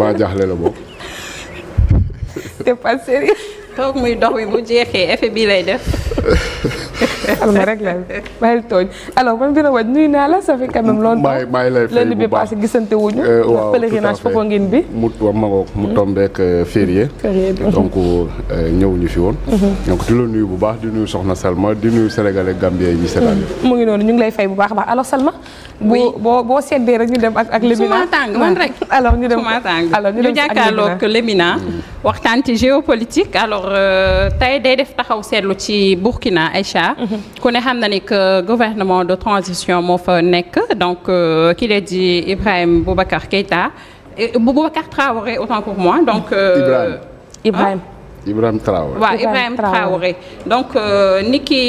waa jaaxle la boobu. toog muy dox bi bu jeexee effet bii lay def. xalma rek la bàyyil tooñ alors man Birame Wathie nuyu naa la ça fait quand même longtemps maa lay fay bu baax passé gisante wuñu euh, waaw pèlerinage Popenguine bi mu ma ngoog hmm. euh, hmm. euh, woon hmm. donc di la bu baax di nuyu soxna Salma di nuyu sénégalais Gambien yi ñu seetaan noonu ñu ngi lay fay bu baax baax alors Salma boo boo boo seddee rek ñu dem ak ak Lémina su ma tàng man rek alors ñu dem alors ñu jàkkaarloog Lémina waxtaan ci géopolitique alors tey day def taxaw seetlu ci Burkina Aïcha ku ne xam na ni que gouvernement de transition moo fa nekk donc euh, ki la di Ibrahima Boubacar Keïta Boubacar Traoré autant pour moi donc. Ibrahima euh, Ibrahima. Ah? Ibrahim Ibrahim Traoré donc euh, ni ki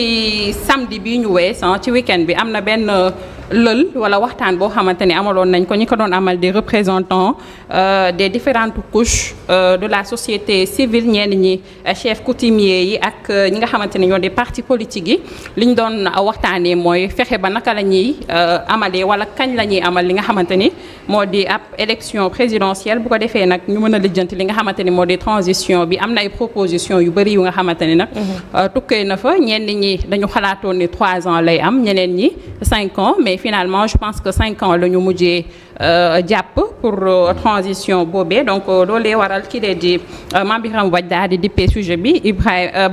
samedi bi ñu wees ah, ci week bi am na benn. lël wala waxtaan boo xamante ni amaloon nañ ko ñi ko doon amal des représentants euh, des différentes couches euh, de la société civile ñenn ñi euh, chef coutumier yi ak ñi nga xamante ni ñoo des partis politiques yi li ñu doon waxtaanee mooy fexe ba naka la ñuy amalee wala kañ la ñuy amal li nga xamante ni moo di ab élection présidentielle bu ko defee nag ñu mën a lijjanti li nga xamante ni moo di transition bi am na ay propositions yu bëri yu nga xamante ni nag mhm. tukkee na fa trois ans lay am ñeneen ñi mais finalement je pense que cinq ans la ñu mujjee euh, jàpp pour euh, transition boobee donc euh, loolee waral ki lee di Mame Birame Wathie daal di dippee sujet bi Ibrahima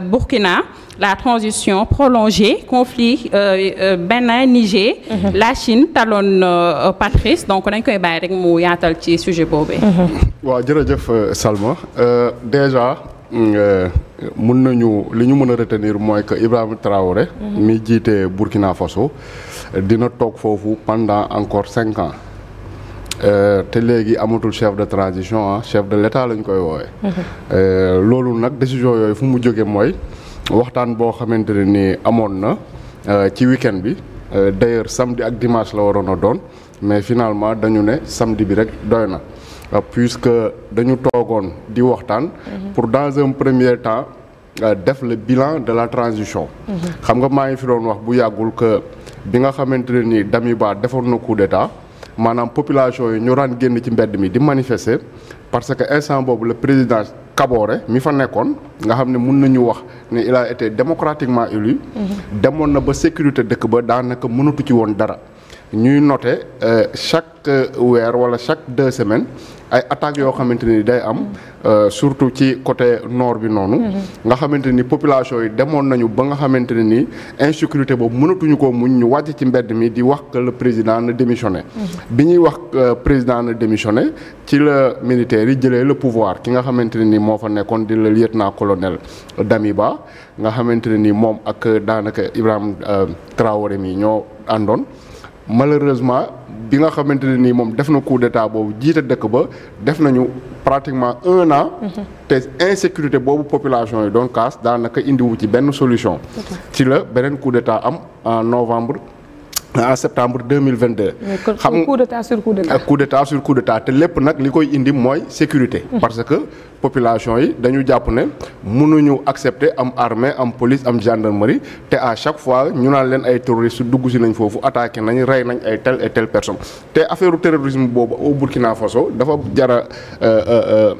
Burkina la transition prolongée conflit Bénin Niger mhm. la Chine taloon Patrice donc dañ koy bàyyi rek mu yaatal ci sujet boobee mhm. Euh, mun nañu li ñu mën a retenir mooy que Ibrahima Traoré. Mhm. mi jiite Burkina Faso. dina toog foofu pendant encore cinq ans. Euh, te léegi amatul chef de transition ah chef de l'état lañ koy woowee. Mhm. Euh, loolu nag décision yooyu fu mu jóge mooy waxtaan boo xamante ne ni amoon na ci week-end bi d'ailleurs samedi ak dimanche la waroon a doon mais finalement dañu ne samedi bi rek doy na. Euh, puisque dañu toogoon di waxtaan mhm. pour dans un premier temps euh, def le bilan de la transition mhm. xam nga maa ngi fi doon wax bu yàggul que bi nga xamante ne ni Damiba defoon na coup d'état maanaam population yi ñu daan génn ci mbedd mi di manifester parce que instant boobu le président Kaboré mi fa nekkoon nga xam ne mun nañu wax ne il a été démocratiquement élu mhm. demoon na ba sécurité dëkk ba daanaka mënatu ci woon dara ñuy noter euh, chaque euh, weer wala chaque deux semaines ay attaques yoo xamante nii day am euh, surtout ci côté nord bi noonu. Mm-hmm. nga xamante ni population yi demoon nañu ba nga xamante ne nii insécurité boobu mënatuñu ko muñ ñu wàcc ci mbedd mi di wax que le président na démissionné. Mm-hmm. bi ñuy wax président na démissionné ci la militaire yi jëlee le pouvoir ki nga xamante ne nii moo fa nekkoon di le lieutenant colonel Damiba nga xamante ne ni moom ak daanaka Ibrahima Traoré mi ñoo àndoon. malheureusement bi nga xamante ne nii moom def na coup d'état boobu jiite dëkk ba def nañu pratiquement un an. Mhm. te insécurité boobu population yi doon kaas daanaka indiwu ci benn solution. ci la beneen coup d'état am en novembre. en septembre 2022. xam coup d'état sur coup d'état coup d'état sur coup d'état te lépp nag li koy indi mooy sécurité. Hmm. parce que population yi dañu jàpp ne mënuñu accepté am armée am police am gendarmerie te à chaque fois ñu naan leen ay terroristes dugg si nañ foofu attaqué nañ rey nañ ay tel et telle personne te affaire terrorisme boobu au Burkina Faso dafa jara euh, euh, euh,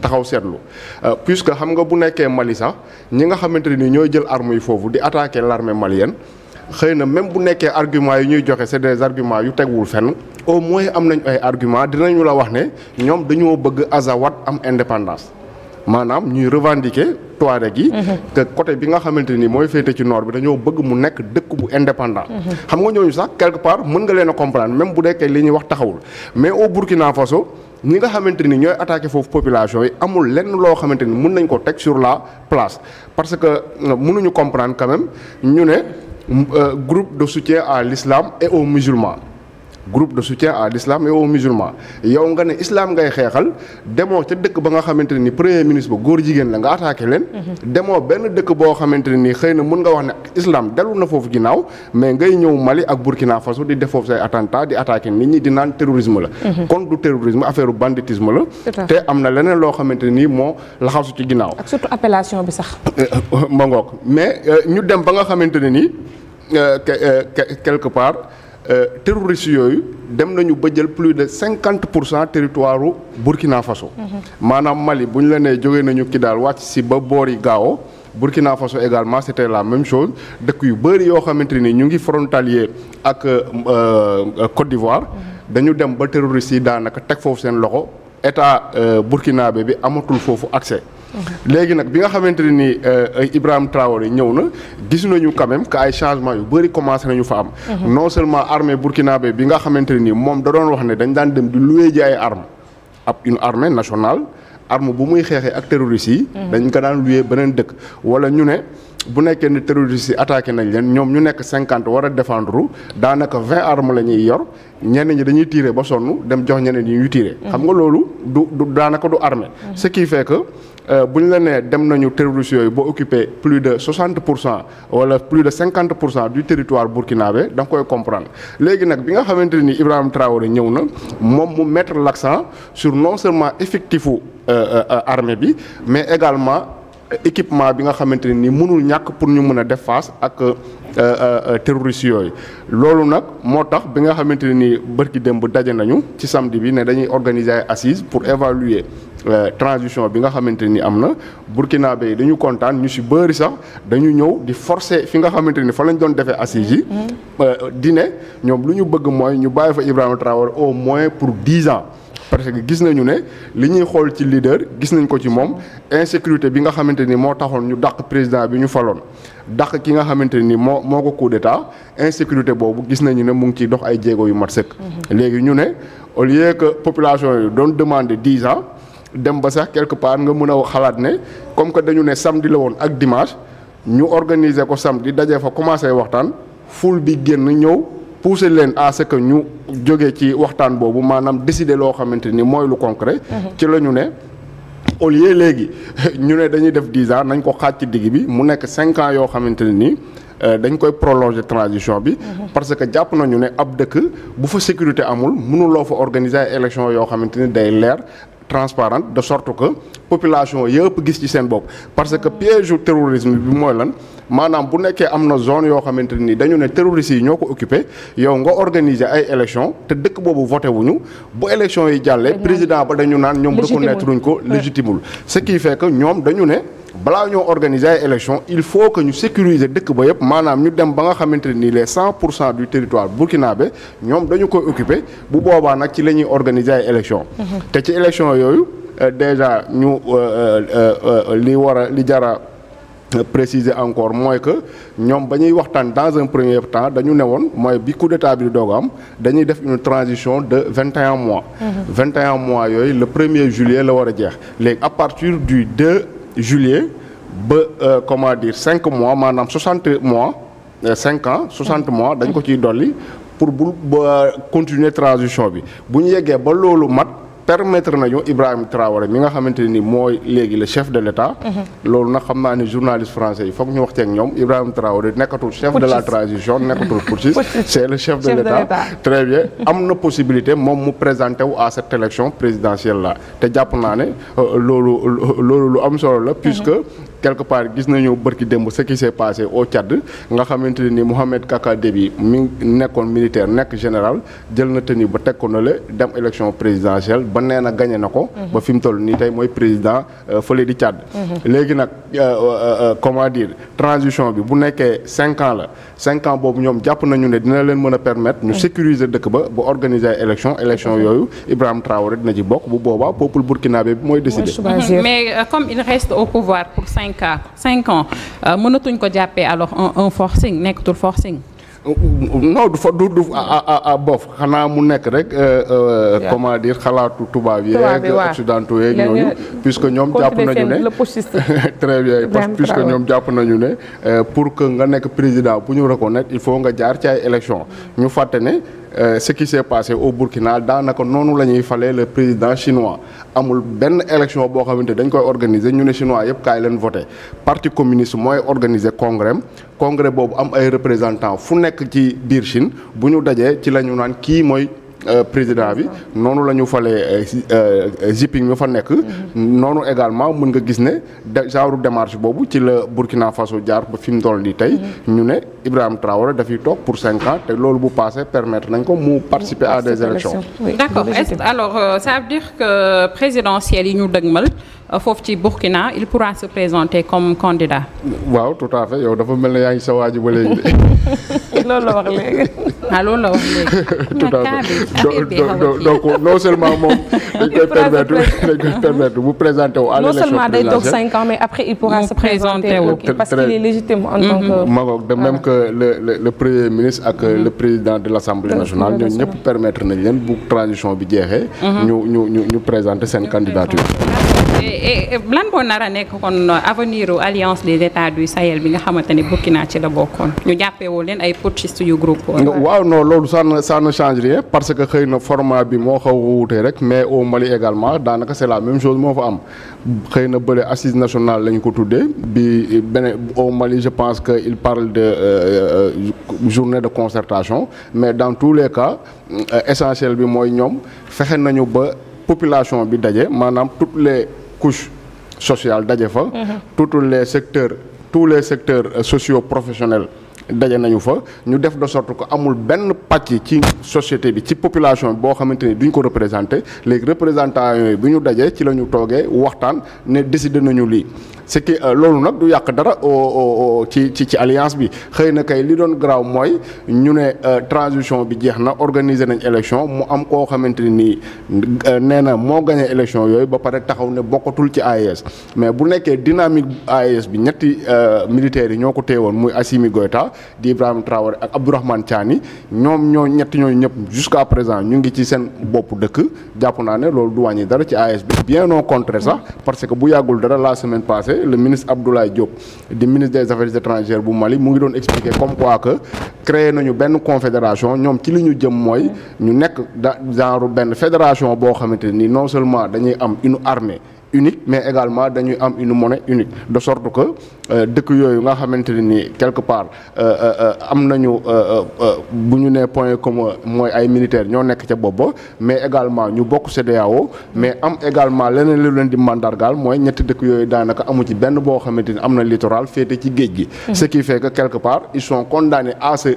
taxaw seetlu puisque xam nga bu nekkee Mali sax ñi nga xamante ni ñooy jël armes yi foofu di attaqué l'armée malienne. xëy na même bu nekkee argument yi ñuy joxe c'est des arguments yu tegwul fenn au moins am nañ ay argument dinañu la wax ne ñoom dañoo bëgg Azawad am indépendance maanaam ñuy revendiquer Touareg yi mm-hmm. que côté bi nga xamante ni mooy féete ci noor bi dañoo bëgg mu nekk dëkk bu indépendant mm-hmm. xam nga ñooñu sax quelque part mën nga leen a comprendre même bu nekkee li ñuy wax taxawul mais au Burkina Faso ñi nga xamante ni ñooy attaqué foofu population yi amul lenn loo xamante ni mën nañ ko teg sur la place parce que euh, mënuñu comprendre quand ñu ne Euh, groupe de soutien à l'islam et aux musulmans groupe de soutien à l'islam et aux yow nga ne islam ngay xeexal demoo ca dëkk ba nga xamante ne ni premier ministre ba góor jigéen la nga attaqué leen. Mhm. demoo benn dëkk boo xamante ne xëy na mun nga wax ne islam dellu na foofu ginnaaw mais ngay ñëw Mali ak Burkina Faso di def foofu say attentat di attaqué nit ñi di naan terrorisme la. Mhm. kon du terrorisme affaire banditisme la. te am na leneen loo xamante ne ni moo laxasu ci ginnaaw. ak euh, euh, mais euh, ñu dem ba Euh, terroristes yooyu dem nañu ba jël plus de cinquante pour cent territoire u Burkina Faso. Mhm. maanaam Mali bu ñu la nee jógee nañu daal wàcc si ba boori Gao. Burkina Faso également c' te la même chose dëkk yu bëri yoo xamante ni ñu ngi frontalier ak euh, euh, Côte d'Ivoire. Mhm. dañu dem ba terroristes yi daanaka teg foofu seen loxo état be bi amatul foofu accès. léegi nag bi nga xamante ne ni euh, Ibrahima Traoré ñëw na gis nañu quand même que ay changement yu bëri commencé nañu fa am. Mhm. non seulement armée burkinabé bi nga xamante ne ni moom da doon wax ne dañ daan dem di loué ji ay armes ab une armée nationale arme bu muy xeexee ak terroristes yi. Mhm. dañ ko daan loué beneen dëkk wala ñu ne. bu nekkee ne terroristes yi attaqué nañ leen ñoom ñu nekk cinquante war a défendre daanaka vingt armes la ñuy yor ñeneen ñi dañuy tiire ba sonn dem jox ñeneen ñi ñuy tiire. Mhm. loolu du du daanaka du armée. Euh, bu ñu la nee dem nañu terroristes yooyu boo occupé plus de 60 pour cent wala plus de 50 pour cent du territoire burkinabé da nga koy comprendre léegi nag bi nga xamante ni Ibrahima Traoré ñëw na moom mu mettre l'accent sur non seulement effectifu euh, euh, armée bi mais également équipement bi nga xamante ni mënul ñàkk pour ñu mën a def face ak terroristes yooyu loolu nag moo tax bi nga xamante ni bërki démb daje nañu ci samedi bi ne dañuy organiser ay assises pour évaluer Euh, transition bi nga xamante ni am na burkinabé yi dañu kontaan ñu si bëri sax dañu ñëw di forcer fi nga xamante ni fa lañ doon defee assises yi. Mm. Euh, di ne ñoom lu ñu bëgg mooy ñu bàyyi fa Ibrahima Traoré au moins pour dix ans. parce que gis nañu ne li ñuy xool ci leader gis nañ ko ci moom insécurité bi nga xamante ni moo taxoon ñu dàq président bi ñu faloon dàq ki nga xamante ni moo moo ko coup d'état insécurité boobu gis nañu ne mu ngi ciy dox ay jéego yu mat sëkk. Mm-hmm. léegi ñu ne au lieu que population yi doon demander dix ans. dem ba sax quelque part nga mën a xalaat ne comme que dañu ne samedi la woon ak dimanche ñu organiser ko samedi dajee fa commencé waxtaan ful bi génn ñëw pousser leen à ce que ñu jógee ci waxtaan boobu maanaam décider loo xamante ni mooy lu concret. Mhm. ci la ñu ne au lieu léegi ñu ne dañuy def dix ans nañ ko xaaj ci digg bi mu nekk cinquant yoo xamante ne nii. Euh, dañ koy prolonger transition bi. Mhm. parce que jàpp nañu ne ab dëkk bu fa sécurité amul mënuloo fa organiser yoo xamante ni day leer transparente de sorte que population yëpp gis ci seen bopp parce que piège terrorisme bi mooy lan maanaam bu nekkee am na zone yoo xamante ni dañu ne terroristes yi ñoo ko occupé yow nga organiser ay élection te dëkk boobu wu ñu bu élection yi jàllee président ba dañu naan ñoom reconnaître uñ ko légitimul ce qui fait que ñoom dañu ne balaa ñoo organiser ay élection il faut que ñu sécuriser dëkk ba yëpp maanaam ñu dem ba nga xamante ni les cent pour cent du territoire burkinabé ñoom dañu koy occupé bu boobaa nag ci la ñuy organiser ay élection mhm. te ci euh, déjà ñu euh, euh, li war a li préciser encore mooy que ñoom ba ñuy waxtaan dans un premier temps dañu ne woon mooy bi coup d'état bi di dañuy def une transition de vingt et mois mhm. vingt et un mois yooyu le premier juillet la war a jeex léegi à partir du 2 juillet ba euh, comment dire cinq mois maanaam soixante mois euh, cinq ans soixante mois dañ ko ciy dolli pour bu ba continuer transition bi bu ñu yeggee ba loolu mat permettre nañu Ibrahima Traoré mi nga xamante ni mooy léegi le chef de l' état. Mhm. loolu na xam naa ne journaliste français yi foog ñu wax ceeg ñoom Ibrahima Traoré nekkatul chef de la transition nekkatul putschiste c' est le chef de l' très bien am na possibilité moom mu présenté wu à cette élection présidentielle la te jàpp naa ne euh, loolu loolu lu am solo la puisque mhm. quelque part gis nañu bërki démb ce qui s' est au Tchad nga xamante ne ni Mohamed Kaka mi nekkoon militaire nekk général jël na tenue ba teg na le dem élection présidentielle ba nee na gañe na ko mhm. ba fi mu toll nii tey mooy président euh, fële di Tchad mhm. léegi nag euh, euh, comment dire transition bi bu nekkee cinq ans la cinq ans boobu ñoom jàpp nañu ne dina leen mën a permettre ñu mhm. sécuriser dëkk ba ba organiser ay élection élection yooyu Ibrahima Traoré dina ci bokk bu boobaa peuple burkinabé bi mooy décider mais comme il reste au pouvoir pour cinq ans cinq ans mënatuñ ko jàppee alors un forcing nekkatul forcing non du fa du du à bof xanaa mu nekk rek euh, euh, comment dire xalaatu tubaab yeeg occidentaux yeeg ñooñu puisque ñoom jàpp nañu ne très bien puisque ñoom jàpp nañu ne pour que nga nekk président bu ñu reconnaître il faut nga jaar ci ay élection ñu fàtte ne Euh, ce qui s'est passé au Burkina daanaka noonu lañuy ñuy falee le président chinois amul benn élection boo xamante dañ koy organiser ñu ne chinois yëpp kaay leen voté parti communiste mooy organiser congrès congrès boobu am ay représentant fu nekk ci biir Chine bu ñu dajee ci la ñu naan kii mooy. Euh, président bi noonu la ñu falee euh, euh, jipping mi fa nekk noonu également mën nga gis ne genre démarche boobu ci la Burkina Faso jaar ba fi mu toll nii tey ñu ne Ibrahima Traoré dafiy toog pour cinq ans te loolu bu passé permettre nañ ko mu participer à des élections d'accord alors ça veut dire que présidentielles yi ñu dëgmal foofu ci Burkina il pourra se présenter comme candidat waaw tout à fait yow dafa mel ne yaa ngi sa waaji loolu la wax léegi ah loolu la wax non seulement moom dañ koy bu présenté wu à l'élection présidentielle non seulement day toog mais après il pourra se présenter parce qu'il est légitime en tant mm-hmm. que. Maroc de même ah. que le le premier ministre ak euh, le mm-hmm. président de l'Assemblée nationale ñoo ñëpp permettre nañ leen bu transition bi jeexee. Mm-hmm. ñu ñu ñu ñu présenter seen candidature. Eh, eh, eh, lan boo nar a nekk kon avenir alliance des états du Sahel bi nga xamante ne Burkina ci la bokkoon ñu jàppee woo ay putschistes yu groupe. waaw loolu ça ne ça ne que xëy na format bi moo xaw wuute rek mais au Mali également daanaka la même chose moo fa am xëy na bële assise nationale lañ ko tuddee bi beneen o Mali je pense que il parle de euh, euh, journée de concertation mais dans tous les cas euh, essentiel bi mooy ñoom fexe nañu ba population bi daje maanaam toutes les. couche sociale daje fa. Mhm. tous les secteurs tout les secteurs socio professionnels. daje nañu fa ñu def de sorte ko amul benn pàcc ci société bi ci population boo xamante ni duñ ko représenté léegi représentant yooyu bu ñu dajee ci la ñu toogee waxtaan ne décidé nañu lii ce euh, loolu nag du yàq dara ci ci ci alliance bi xëy na kay li doon garaaw mooy ñu ne euh, transition bi jeex na organiser nañ élection mu am koo xamante nii euh, nee na moo gagné élection yooyu ba pare taxaw ne bokkatul ci AES mais bu nekkee dynamique AES bi ñetti militaires yi ñoo ko téewoon muy Assimi Goïta di Ibrahima Traoré ak Abdourahmane Tiani ñoom ñoo ñetti ñooñu ñëpp jusqu'à présent ñu ngi ci seen bopp dëkk jàpp naa ne loolu du wàññi dara ci AS bien au contre sax parce que bu yàggul dara la semaine passée le ministre Abdoulaye Diop di ministre des affaires étrangères bu Mali mu ngi doon expliquer comme quoi que créé nañu benn confédération ñoom ci li ñu jëm mooy ñu nekk da genre benn fédération boo xamante ni non seulement dañuy am une armée unique mais également dañuy am une monnaie unique de sorte que euh, dëkk yooyu nga xamante ne nii quelque part euh, euh, am nañu bu ñu nee point comme mooy ay militaires ñoo nekk ca bopp ba mais également ñu bokk CEDEAO mais am également leneen lu leen di mandargaal mooy ñetti dëkk yooyu daanaka amu ci benn boo xamante ni am na littoral féete ci géej gi. Mm-hmm. ce qui fait que quelque part ils sont condamnés à se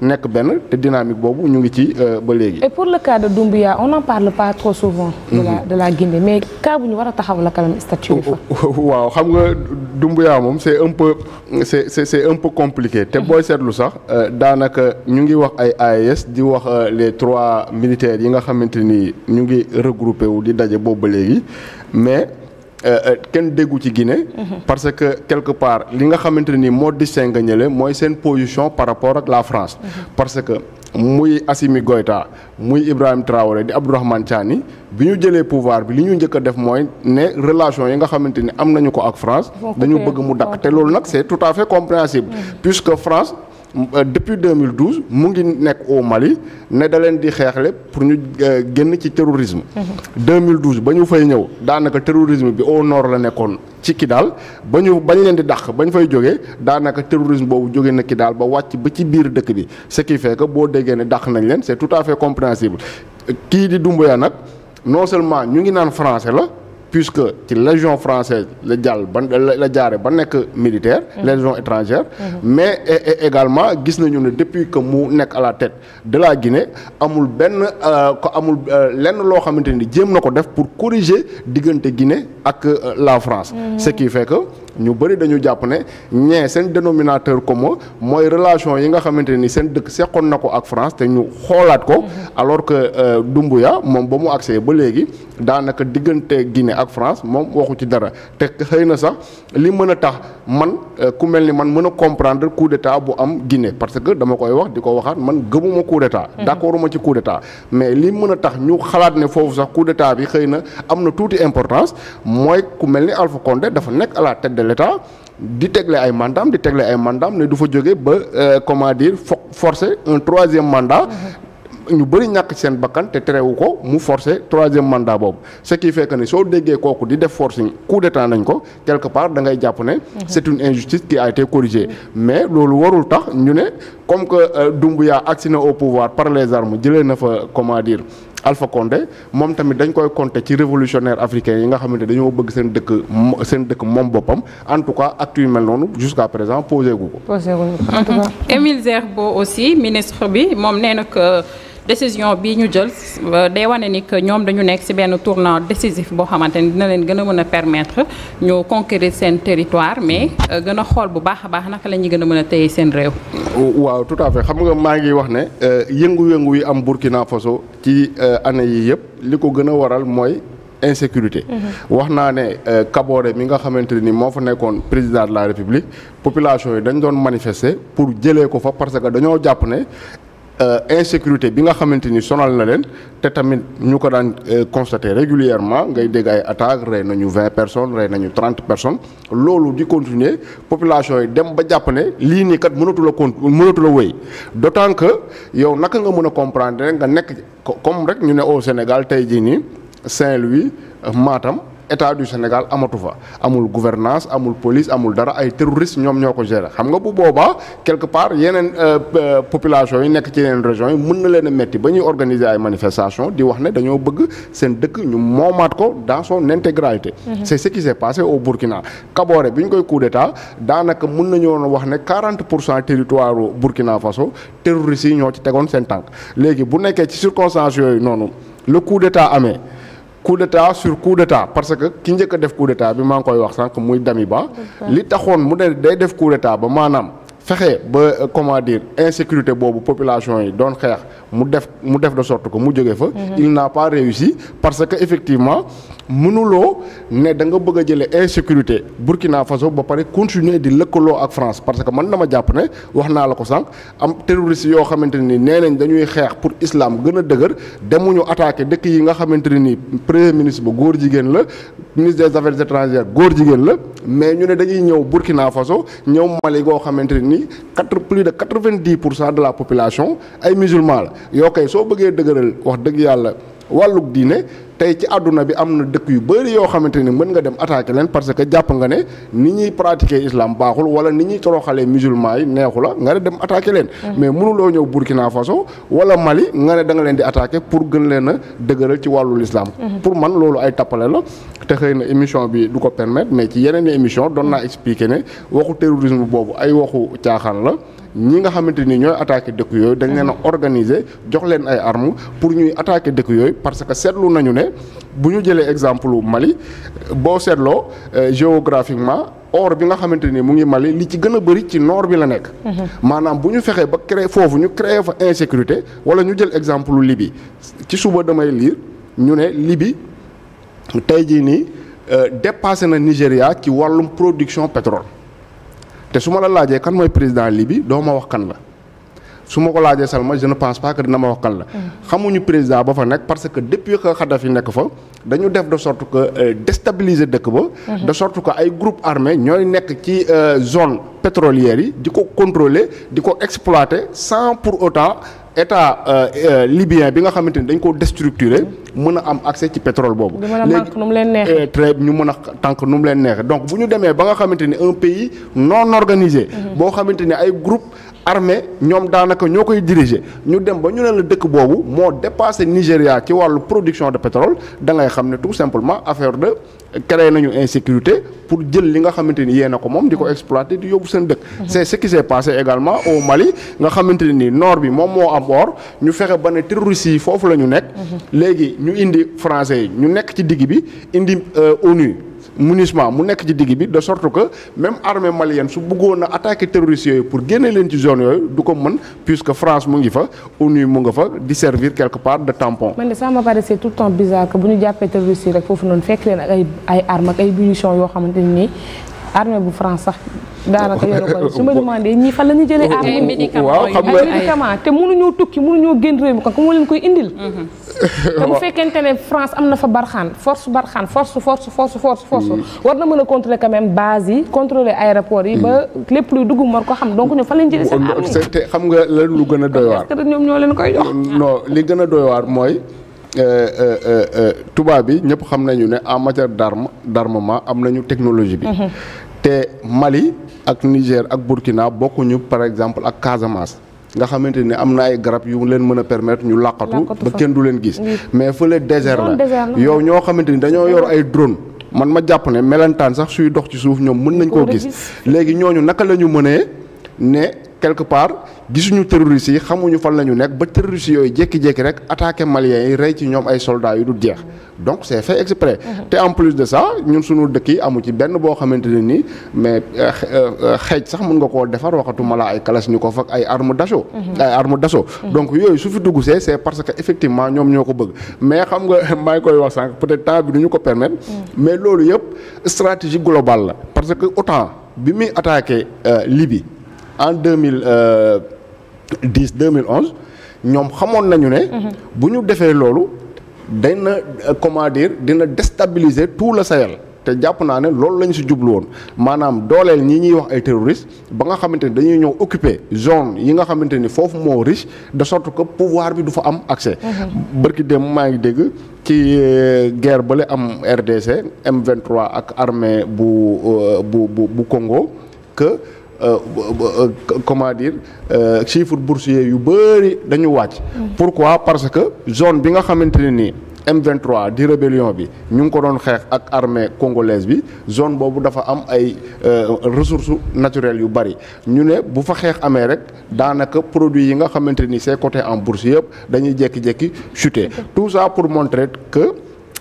nekk benn te dynamique boobu ñu ngi ci ba léegi. et pour le cas de ñu a taxaw la quand même statut waaw xam nga Dumbuya moom c' est un peu c' est c' un peu compliqué te mhm. booy seetlu sax euh, daanaka ñu ngi wax ay AES di wax euh, les trois militaires yi nga xamante ni ñu ngi regroupé wu di daje boobu ba léegi mais euh, kenn déggu ci Guinée. Mhm. parce que quelque part li nga xamante ni moo di distingue ñële mooy seen position par rapport ak la France mhm. parce que muy Assimi Goïta muy Ibrahima Traoré di Abdourahmane Tiani bi ñu jëlee pouvoir bi li ñuy njëkk a def mooy ne relation yi nga xamante ni am nañu ko ak France dañu bëgg mu dakk te loolu nag c'est tout à fait compréhensible mm. puisque France Euh, depuis 2012 mu ngi nekk au Mali ne da leen di xeexle pour ñu euh, génn ci terrorisme. 2012 mhm. ba ñu fay ñëw daanaka terrorisme bi au nord la nekkoon ci daal ba ñu bañ leen di dàq bañ fay jógee daanaka terrorisme boobu jóge ki daal ba wàcc ba ci biir dëkk bi ce qui fait que boo déggee ne dàq nañ leen c'est tout à fait compréhensible kii di dumb Doumbouya nag non seulement ñu ngi naan français la. puisque ci légion française la jàll ba la jaare ba nekk militaire mm. légion étrangère mm-hmm. mais également gis nañu ne depuis que mu nekk à la tête de la Guinée amul benn euh, ko amul euh, lenn loo xamante ni jéem na ko def pour corriger diggante Guinée ak euh, la France mm-hmm. ce qui fait que ñu bëri dañu jàpp ne ñee seen dénominateur commun mooy relation yi nga xamante ni seen dëkk seqoon na ko ak France te ñu xoolaat ko mm-hmm. alors que euh, Doumbouya moom ba mu accès ba léegi daanaka diggante Guinée ak France moom waxu ci dara te xëy na sax li mën a tax man euh, ku mel ni man mën a comprendre coup bu am Guinée parce que dama koy wax di ko waxaat man gëmuma coup d'état mm-hmm. d'accorduma ci coup mais li mën a tax ñu xalaat ne foofu sax coup bi xëy na am na tuuti importance mooy ku mel ni Alpha Condé dafa nekk à de l'État di tegle ay mandaam di tegle ay mandaam ne du fa jóge ba euh, comment dire forcer un troisième mandat mm-hmm. ñu bëri ñàkk seen bakkan te terewu ko mu forcer troisième mandat boobu ce qui fait que ne soo déggee kooku di def forcing coup d'état nañ ko quelque part da ngay jàpp ne mm-hmm. c'est une injustice qui a été corrigée mais loolu warul tax ñu ne comme que euh, Doumbouya agsi na au pouvoir par les armes jëlee na fa comment Alpha Condé moom tamit dañ koy compter ci révolutionnaire africain yi nga xamante dañoo bëgg seen dëkk seen dëkk moom boppam en tout cas acte yu mel noonu jusqu'à présent posé gu ko. posé gu ko mhm. aussi ministre bi moom nee na décision bii ñu jël day wane ni que ñoom dañu nekk ci benn tournant décisif boo xamante ni dina leen gën a mën a permettre ñu conquérir seen territoire mais euh, gën a xool bu baax a baax naka la ñuy gën a mën a téye seen réew. waaw tout à fait xam nga maa ngi wax ne euh, yëngu-yëngu yi am Burkina Faso ci euh, ana yi yëpp li ko gën a waral mooy. insécurité mm-hmm. wax naa ne Kaboré mi nga xamante nii moo fa nekkoon président de la république population yi dañ doon manifester pour jëlee ko fa que dañoo jàpp ne Euh, insécurité bi nga xamante ni sonal na leen te tamit ñu ko daan euh, constater régulièrement ngay dégg ay attaques rey nañu vingt personnes rey nañu trente personnes loolu di continuer population yi dem ba jàpp ne lii nii kat mënatul a la con mënatu la wéy d'autant que yow naka nga mën a comprendre nga nekk comme rek ñu ne au Sénégal tey jii nii Saint-Louis maatam état du Sénégal amatu fa amul gouvernance amul police amul dara ay terroristes ñoom ñoo ko gérer xam nga bu boobaa quelque part yeneen euh, euh, population yi nekk ci yeneen régions yi mun na leen a métti ba ñuy organiser ay manifestations di wax ne dañoo bëgg seen dëkk ñu moomaat ko dans son intégralité. Mhm. c' est ce qui s' est passé au Burkina Kaboore bi ñu koy coup d' état daanaka mun nañu woon wax ne 40 pour cent territoire Burkina Faso terroristes yi ñoo ci tegoon seen tànk léegi bu nekkee ci circonstances yooyu noonu le coup d' amee. coup d'état sur coup d'état parce que ki njëkk a def coup d'état bi maa ngi koy wax sànq muy Damiba li taxoon mu ne day def coup d'état ba maanaam fexe ba euh, comment insécurité boobu population yi doon xeex mu def mu def de sort ko mu jóge fa mhm. il n'a pas réussi parce que effectivement mënuloo ne da nga bëgg a jëlee insécurité Burkina Faso ba pare continuer di lëkkaloo ak France parce que man dama jàpp ne wax naa la ko sànq am terroriste yoo xamante ne nii nee nañ dañuy xeex pour islam gën a dëgër demuñu attaqué dëkk yi nga xamante ne nii premier ministre ba góor jigéen la ministre des affaires étrangères góor jigéen la mais ñu ne dañuy ñëw Burkina Faso ñëw Mali goo xamante ne nii quatre plus de quatre-vingt-dix pour cent de la population ay musulmans la yoo kay soo bëggee dëgëral wax dëgg yàlla. wàllug diine tey ci àdduna bi am na dëkk yu bëri yoo xamante ni mën nga dem attaqué leen parce que jàpp nga ne ni ñuy pratiquer islam baaxul wala ni ñuy toroxalee musulman yi neexu la nga ne dem attaqué leen. Mm. mais mënuloo ñëw Burkina Faso wala Mali nga ne da nga leen di attaqué pour gën leen a dëgëral ci wàllu lislaam mm-hmm. pour man loolu ay tappale la te xëy na émission bi du ko permettre mais ci yeneen i émission doon naa expliqué ne waxu terrorisme boobu ay waxu caaxaan la. ñi nga xamante ni ñooy attaqué dëkk yooyu dañ leen a mhm. organiser jox leen ay armes pour ñuy attaqué dëkk yooyu parce que seetlu nañu ne bu ñu jëlee exemple Mali boo seetloo euh, géographiquement or bi nga xamante ni mu ngi Mali li ci gën a bëri ci noor bi la nekk. Mhm. maanaam bu ñu fexee ba créer foofu ñu créer fa insécurité wala ñu jël exemple Libye ci suba damay liir ñu ne libi tey jii nii euh, dépassé na Nigéria ci wàllum production pétrole. te su ma la laajee kan mooy président Libye doo ma wax kan la su ma ko laajee Salma je pense pas que dina ma wax kan la. Mm. xamuñu président ba fa nekk parce que depuis que Kadhafi nekk fa dañu def de sorte que euh, déstabiliser dëkk ba. Mm-hmm. de sorte que ay groupe armé ñooy nekk ci euh, zone pétrolière yi di ko contrôler di ko exploiter sans pour autant. état euh, euh, libyen bi nga xamante ni dañ koo déstructuré mën a am accès ci pétrole boobu. léegi euh, très ñu mën a tànk nu mu leen neexe donc bu ñu demee ba nga xamante ni un pays non organisé. Mhm. boo xamante ni ay groupe armée ñoom daanaka ñoo koy diriger ñu dem ba ñu ne la dëkk boobu moo dépassé Nigéria ci wàllu production de pétrole da ngay xam ne tout simplement affaire de. créé nañu insécurité pour jël li nga xamante ni yéen a ko moom di ko exploiter di yóbbu seen dëkk. Mhm. c'est ce qui s'est passé également au Mali nga xamante ne ni noor bi moom moo am or ñu fexe ba ne terroristes yi foofu la ñu nekk. Mhm. léegi ñu indi français yi ñu nekk ci digg bi indi euh, ONU. munissement mu nekk ci digg bi de sorte que même armée malienne su bëggoon a attaquer terroristes yooyu pour génne leen ci zone yooyu du ko mën puisque France mu ngi fa ONU mu nga fa di servir quelque part de tampon. man de ça m'a paraissé tout temps bizarre que bu ñu jàppee terroristes yi rek foofu noonu fekk leen ak ay ay armes ak ay munitions yoo xamante ni. armée bu France sax daanaka yoroo ko su ma demandé ñii fan la ñu jëlee armée ay médicament te mënuñoo tukki mënuñoo génn réew mi kon ko ma leen koy indil te bu fekkente ne France am na fa barxaan force barxaan force force force force force mm. war na mën a contrôler quand même base yi contrôler aéroport yi ba mm. lépp luy dugg mor ko xam donc ñoom fan la ñu jëlee seen armée te xam nga lan lu gën a doy waar est ñoom ñoo leen koy jox li gën a doy waar mooy Euh, euh, euh, tubaab bi ñëpp xam nañu ne en matière d'arme d'armement am nañu technologie bi. Mhm. te Mali ak Niger ak Burkina bokkuñu par exemple ak Casamance. nga xamante ni am na ay garab yu leen mën a permettre ñu làqatu ba kenn du leen gis mais fële désert la yow ñoo xamante ni dañoo yor ay drone man ma jàpp ne melentaan sax suy dox ci suuf ñoom mën nañ koo gis léegi ñooñu naka lañu ñu mënee ne quelque part gisuñu terroriste yi xamuñu fan la nekk ba terroriste yooyu jékki-jékki rek attaqué maliens yi rey ci ñoom ay soldats yu dul jeex donc c' fait exprès mhm. te en plus de ça ñun suñu dëkk amu ci benn boo xamante ne nii mais euh, euh, euh, xeej sax mun nga koo defar waxatuma laa ay kalachnikov ak ay arme d'assaut mhm. ay arme d'assaut mhm. donc yooyu su fi dugg see c' est parce que effectivement ñoom ñoo ko bëgg mais xam nga maa ngi koy wax sànq peut être temps bi duñu ko permettre mais loolu yëpp stratégie globale la parce que autant bi muy attaqué Libye en 2000 10 2011 ñoom xamoon nañu ne. bu ñu defee loolu day na euh, comment dire dina déstabiliser tout le Sahel. te jàpp naa ne loolu la si jublu maanaam dooleel ñi ñuy wax ay terroristes ba nga xamante ni dañuy ñëw occuper zone yi nga xamante ni foofu moo riche de sorte que pouvoir bi du fa am accès. Mhm. bërki dem maa ngi dégg ci euh, guerre bale am RDC M23 ak armée bu euh, bu bu bu Congo que. Euh, euh, euh, comment dire chiffre boursier yu bëri dañu wàcc. quoi parce que zone bi nga xamante ne nii. M23 di rébellion bi ñu ngi ko doon xeex ak armée congolaise bi zone boobu dafa am ay ressources naturelles yu bari ñu ne bu fa xeex amee rek daanaka produits yi nga xamante ni c'est côté en bourse yëpp dañuy jékki-jékki chuter tout ça pour montrer que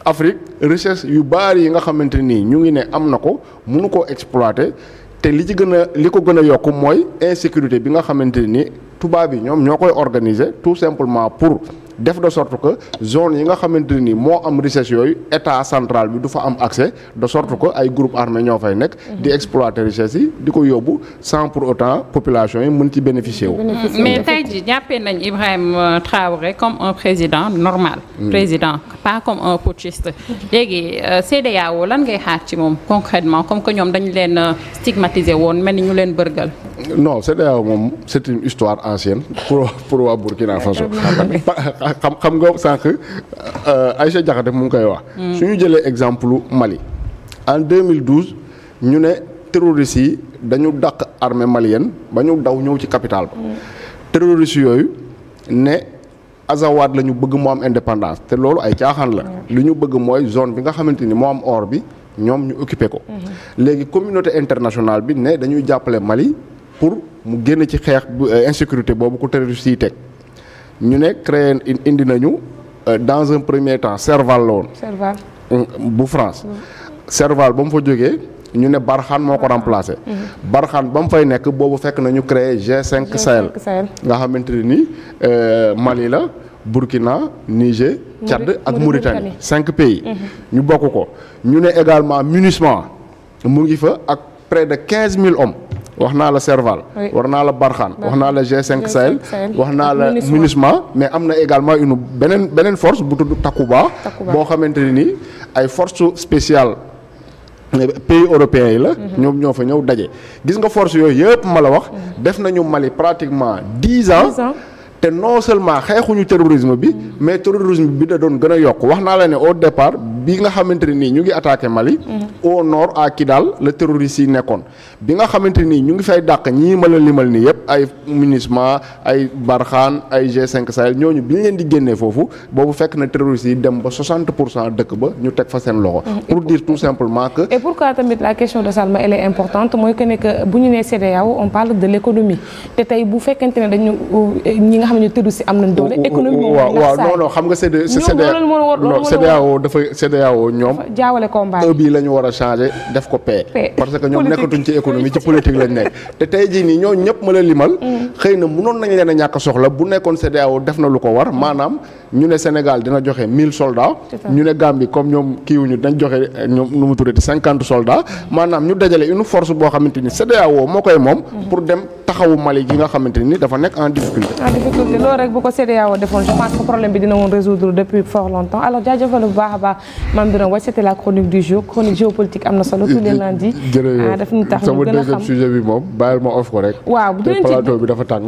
Afrique richesse yu baari yi nga xamante nii ñu ngi ne am na ko mënu koo exploiter te li ci gën a li ko gën a yokk mooy insécurité bi nga xamante ni tubaab yi ñoom ñoo koy organiser tout simplement pour def de sorte que zone yi nga xamante nii moo am richesse yooyu état central bi du fa am accès de sorte que ay groupe armé ñoo fay nekk. di mhm. exploiter richesse yi di ko yóbbu sans pour autant population yi mën ci bénéficier wu. mais tey jii jàppee nañ Ibrahima euh, comme un président normal. Mm. président pas comme un putschiste. léegi euh, CEDEAO lan ngay xaar ci moom concrètement comme que ñoom dañu leen euh, stigmatiser woon mel ni ñu leen bërgal. non CEDEAO moom c'est une histoire ancienne pour pour waa Burkina Faso. xam xam nga sànq euh, Aïcha Diakhaté mu ngi koy wax. Mm. su ñu jëlee exemple Mali en 2012 ñu ne terroristes yi dañu dàq armée malienne ba ñu daw ñëw ci capitale ba. Mm. terroristes yooyu ne Azawad la ñu bëgg mu am indépendance te loolu ay caaxaan la. Mm. li ñu bëgg mooy zone bi nga xamante ni moo am or bi ñoom ñu occupé ko. Mm-hmm. léegi communauté internationale bi ne dañuy jàppale Mali pour mu génn ci xeex euh, insécurité boobu ko terroristes yi teg. ñu ne créé indi nañu euh, dans un premier temps Serval la woon. bu France. Serval ba mu fa jógee ñu ne Barkhane moo ko remplacé. Barkhane ba mu fay nekk boobu fekk nañu créé G5 Sahel. nga xamante ne ni euh, malila la Burkina Niger. Tchad ak Mauritanie cinq pays. ñu bokk ko ñu ne également MINUSMA mu ngi fa ak près de quinze mille hommes. wax naa la Serval. war naa la Barkhane wax naa la g cinq Sahel. wax naa la MINUSMA mais am na également une beneen beneen force bu tudd Takuba. boo xamante ne nii ay forces spéciales euh, pays européens yi la. Mhm. ñoom ñoo fa ñëw daje. gis nga force yooyu yëpp ma la wax. Mhm. def nañu Mali pratiquement dix ans. te non seulement xeexuñu terrorisme bi. Mhm. mais terrorisme bi da doon gën a yokk wax naa la ne au départ. bi nga xamante ne nii ñu ngi attaqué Mali. Mhm. au a à Kidal la terroriste yi nekkoon bi nga xamante nii ñu ngi fay dàq ñii ma la nii yëpp ay MINUSMA ay Barkhane ay G5 ñooñu bi ñu leen di génnee foofu boobu fekk na terroriste yi dem ba 60 pour cent dëkk ba ñu teg fa seen loxo. Mhm. pour dire tamit la question de Salma elle importante mooy que ne bu ñu nee CEDEAO on parle de l' te tey bu fekkente ne dañu ñi nga xam ne terroriste yi CEDEAO ñoom. jaawale combat bi la ñu war a changé def ko paix. parce que ñoom nekkatuñ ci économie ci politique lañ nekk. te tey nii ñoo ñëpp ma la limal. Mm. xëy na mënoon nañ leen a ñàkk soxla bu nekkoon CEDEAO def na lu ko war mm. maanaam ñu ne Sénégal dina joxe 1000 soldats. ñu ne Gambie comme ñoom kiiwuñu dañ joxe eh, ñoom nu mu tuddati maanaam ñu dajale une force boo xamante ni CEDEAO moo koy moom. Mm-hmm. pour dem taxawu Mali gi nga xamante ni dafa nekk en Mame Birame Wathie c'était la chronique du jour chronique géopolitique am na solo tous les lundis. jërëjëf ah, sama deuxième sujet bi moom bàyyil ma off ko rek. waaw bu bi dafa tàng.